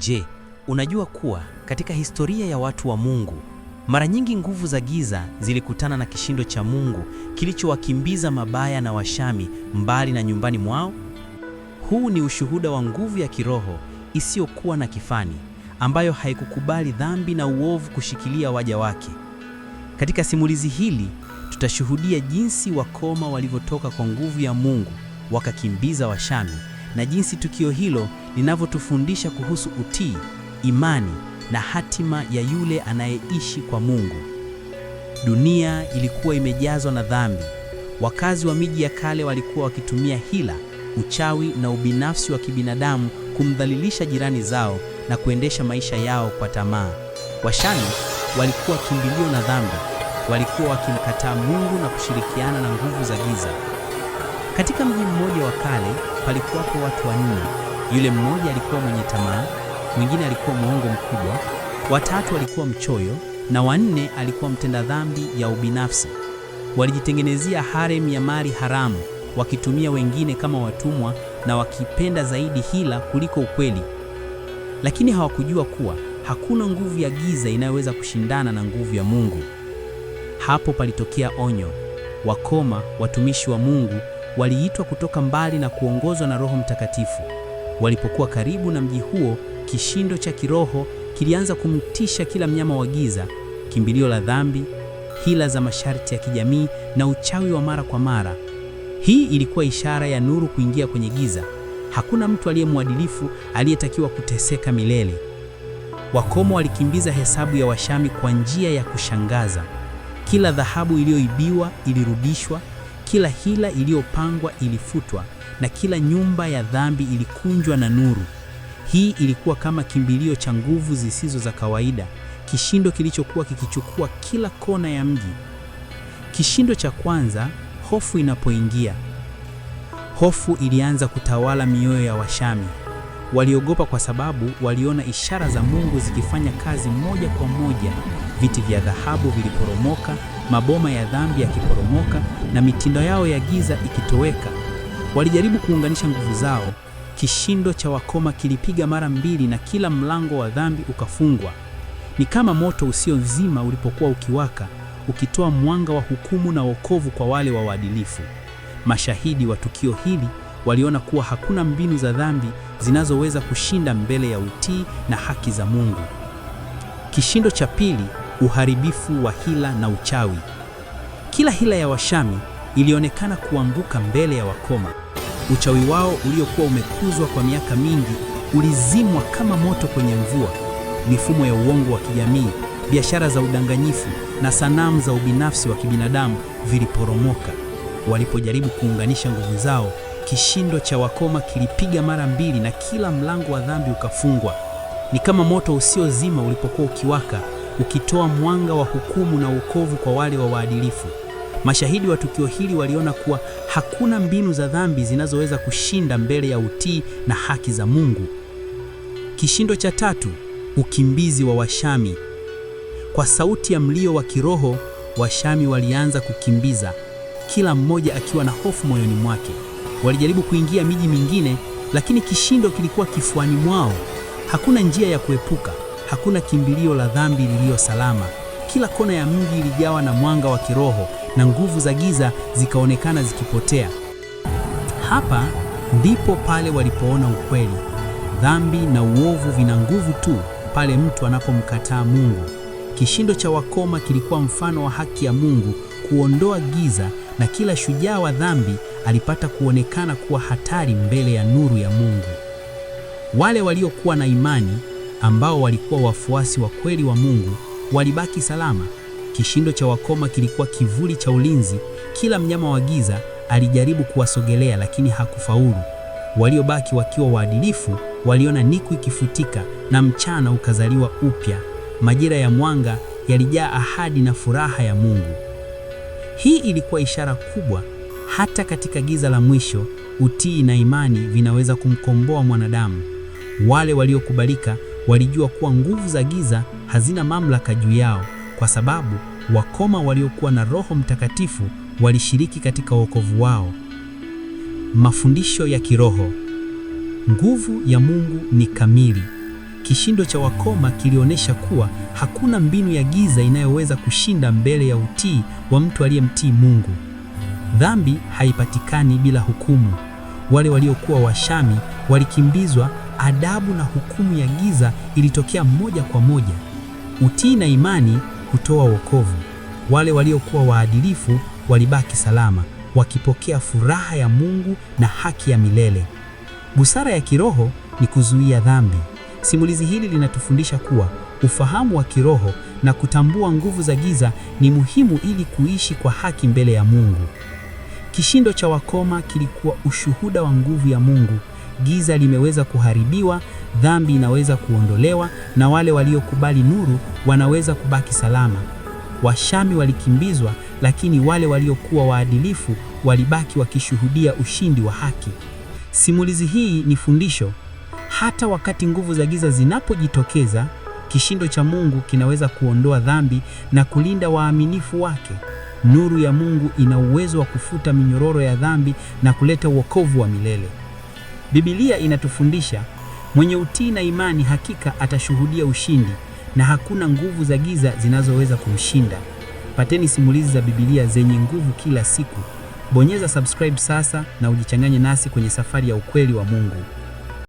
Je, unajua kuwa katika historia ya watu wa Mungu mara nyingi nguvu za giza zilikutana na kishindo cha Mungu kilichowakimbiza mabaya na washami mbali na nyumbani mwao? Huu ni ushuhuda wa nguvu ya kiroho isiyokuwa na kifani ambayo haikukubali dhambi na uovu kushikilia waja wake. Katika simulizi hili tutashuhudia jinsi wakoma walivyotoka kwa nguvu ya Mungu wakakimbiza washami na jinsi tukio hilo linavyotufundisha kuhusu utii, imani na hatima ya yule anayeishi kwa Mungu. Dunia ilikuwa imejazwa na dhambi. Wakazi wa miji ya kale walikuwa wakitumia hila, uchawi na ubinafsi wa kibinadamu kumdhalilisha jirani zao na kuendesha maisha yao kwa tamaa. Washani walikuwa kimbilio na dhambi, walikuwa wakimkataa Mungu na kushirikiana na nguvu za giza. Katika mji mmoja wa kale palikuwapo watu wanne. Yule mmoja alikuwa mwenye tamaa, mwingine alikuwa mwongo mkubwa, watatu alikuwa mchoyo na wanne alikuwa mtenda dhambi ya ubinafsi. Walijitengenezea harem ya mali haramu, wakitumia wengine kama watumwa na wakipenda zaidi hila kuliko ukweli. Lakini hawakujua kuwa hakuna nguvu ya giza inayoweza kushindana na nguvu ya Mungu. Hapo palitokea onyo: wakoma watumishi wa Mungu waliitwa kutoka mbali na kuongozwa na Roho Mtakatifu. Walipokuwa karibu na mji huo, kishindo cha kiroho kilianza kumtisha kila mnyama wa giza, kimbilio la dhambi, hila za masharti ya kijamii na uchawi wa mara kwa mara. Hii ilikuwa ishara ya nuru kuingia kwenye giza. Hakuna mtu aliye mwadilifu aliyetakiwa kuteseka milele. Wakomo walikimbiza hesabu ya Washami kwa njia ya kushangaza. Kila dhahabu iliyoibiwa ilirudishwa. Kila hila iliyopangwa ilifutwa na kila nyumba ya dhambi ilikunjwa na nuru. Hii ilikuwa kama kimbilio cha nguvu zisizo za kawaida, kishindo kilichokuwa kikichukua kila kona ya mji. Kishindo cha kwanza, hofu inapoingia. Hofu ilianza kutawala mioyo ya Washami. Waliogopa kwa sababu waliona ishara za Mungu zikifanya kazi moja kwa moja. Viti vya dhahabu viliporomoka maboma ya dhambi yakiporomoka na mitindo yao ya giza ikitoweka. Walijaribu kuunganisha nguvu zao. Kishindo cha wakoma kilipiga mara mbili na kila mlango wa dhambi ukafungwa. Ni kama moto usio nzima ulipokuwa ukiwaka, ukitoa mwanga wa hukumu na wokovu kwa wale wa waadilifu. Mashahidi wa tukio hili waliona kuwa hakuna mbinu za dhambi zinazoweza kushinda mbele ya utii na haki za Mungu. Kishindo cha pili uharibifu wa hila na uchawi. Kila hila ya Washami ilionekana kuanguka mbele ya Wakoma. Uchawi wao uliokuwa umekuzwa kwa miaka mingi ulizimwa kama moto kwenye mvua. Mifumo ya uongo wa kijamii, biashara za udanganyifu na sanamu za ubinafsi wa kibinadamu viliporomoka. Walipojaribu kuunganisha nguvu zao, kishindo cha Wakoma kilipiga mara mbili na kila mlango wa dhambi ukafungwa. Ni kama moto usiozima ulipokuwa ukiwaka ukitoa mwanga wa hukumu na ukovu kwa wale wa waadilifu. Mashahidi wa tukio hili waliona kuwa hakuna mbinu za dhambi zinazoweza kushinda mbele ya utii na haki za Mungu. Kishindo cha tatu, ukimbizi wa Washami. Kwa sauti ya mlio wa kiroho, Washami walianza kukimbiza, kila mmoja akiwa na hofu moyoni mwake. Walijaribu kuingia miji mingine, lakini kishindo kilikuwa kifuani mwao. Hakuna njia ya kuepuka. Hakuna kimbilio la dhambi liliyo salama. Kila kona ya mji ilijawa na mwanga wa kiroho na nguvu za giza zikaonekana zikipotea. Hapa ndipo pale walipoona ukweli. Dhambi na uovu vina nguvu tu pale mtu anapomkataa Mungu. Kishindo cha wakoma kilikuwa mfano wa haki ya Mungu kuondoa giza, na kila shujaa wa dhambi alipata kuonekana kuwa hatari mbele ya nuru ya Mungu. Wale waliokuwa na imani ambao walikuwa wafuasi wa kweli wa Mungu walibaki salama. Kishindo cha wakoma kilikuwa kivuli cha ulinzi. Kila mnyama wa giza alijaribu kuwasogelea, lakini hakufaulu. Waliobaki wakiwa waadilifu waliona niku ikifutika na mchana ukazaliwa upya. Majira ya mwanga yalijaa ahadi na furaha ya Mungu. Hii ilikuwa ishara kubwa. Hata katika giza la mwisho, utii na imani vinaweza kumkomboa mwanadamu. Wale waliokubalika walijua kuwa nguvu za giza hazina mamlaka juu yao, kwa sababu wakoma waliokuwa na Roho Mtakatifu walishiriki katika wokovu wao. Mafundisho ya kiroho. Nguvu ya Mungu ni kamili. Kishindo cha wakoma kilionyesha kuwa hakuna mbinu ya giza inayoweza kushinda mbele ya utii wa mtu aliyemtii Mungu. Dhambi haipatikani bila hukumu. Wale waliokuwa washami walikimbizwa adabu na hukumu ya giza ilitokea moja kwa moja. Utii na imani hutoa wokovu. Wale waliokuwa waadilifu walibaki salama, wakipokea furaha ya Mungu na haki ya milele. Busara ya kiroho ni kuzuia dhambi. Simulizi hili linatufundisha kuwa ufahamu wa kiroho na kutambua nguvu za giza ni muhimu ili kuishi kwa haki mbele ya Mungu. Kishindo cha wakoma kilikuwa ushuhuda wa nguvu ya Mungu giza limeweza kuharibiwa, dhambi inaweza kuondolewa, na wale waliokubali nuru wanaweza kubaki salama. Washami walikimbizwa, lakini wale waliokuwa waadilifu walibaki wakishuhudia ushindi wa haki. Simulizi hii ni fundisho. Hata wakati nguvu za giza zinapojitokeza, kishindo cha Mungu kinaweza kuondoa dhambi na kulinda waaminifu wake. Nuru ya Mungu ina uwezo wa kufuta minyororo ya dhambi na kuleta wokovu wa milele. Biblia inatufundisha mwenye utii na imani hakika atashuhudia ushindi na hakuna nguvu za giza zinazoweza kumshinda. Pateni simulizi za Biblia zenye nguvu kila siku. Bonyeza subscribe sasa na ujichanganye nasi kwenye safari ya ukweli wa Mungu.